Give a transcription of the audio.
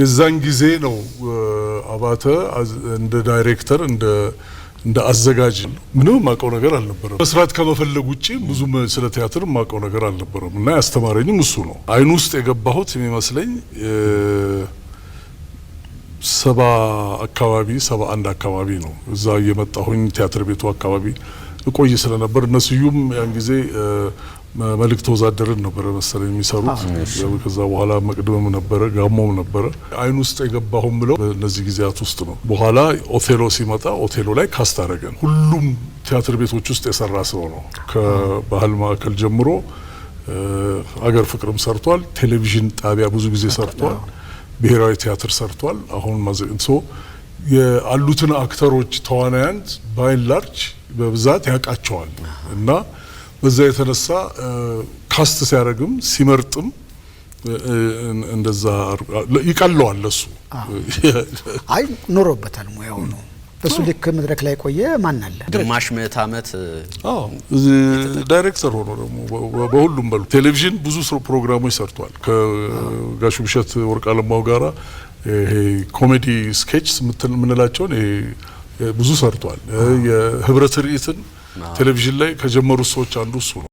የዛን ጊዜ ነው አባተ እንደ ዳይሬክተር እንደ እንደ አዘጋጅ ምንም የማውቀው ነገር አልነበረም። መስራት ከመፈለግ ውጭ ብዙ ስለ ቲያትር የማውቀው ነገር አልነበረም እና ያስተማረኝም እሱ ነው። አይን ውስጥ የገባሁት የሚመስለኝ ሰባ አካባቢ ሰባ አንድ አካባቢ ነው። እዛ እየመጣሁኝ ቲያትር ቤቱ አካባቢ እቆይ ስለነበር እነ ስዩም ያን ጊዜ መልእክት ወዛደርን ነበረ መሰለኝ የሚሰሩት። ከዛ በኋላ መቅድምም ነበረ ጋሞም ነበረ። አይን ውስጥ የገባሁም ብለው በእነዚህ ጊዜያት ውስጥ ነው። በኋላ ኦቴሎ ሲመጣ ኦቴሎ ላይ ካስት አረገን። ሁሉም ቲያትር ቤቶች ውስጥ የሰራ ሰው ነው። ከባህል ማዕከል ጀምሮ አገር ፍቅርም ሰርቷል። ቴሌቪዥን ጣቢያ ብዙ ጊዜ ሰርቷል። ብሔራዊ ቲያትር ሰርቷል። አሁን ማዘንሶ ያሉትን አክተሮች ተዋናያን ባይላርጅ በብዛት ያውቃቸዋል እና በዛ የተነሳ ካስት ሲያደርግም ሲመርጥም እንደዛ ይቀለዋል። ለሱ አይ ኖሮበታል፣ ሙያው ነው። በሱ ልክ መድረክ ላይ ቆየ። ማን አለ ግማሽ ምዕት ዓመት ዳይሬክተር ሆኖ ደግሞ በሁሉም በሉ ቴሌቪዥን ብዙ ፕሮግራሞች ሰርቷል። ከጋሹ ብሸት ወርቅ አለማው ጋራ ይሄ ኮሜዲ ስኬችስ የምንላቸውን ብዙ ሰርቷል። የህብረት ርኢትን ቴሌቪዥን ላይ ከጀመሩ ሰዎች አንዱ እሱ ነው።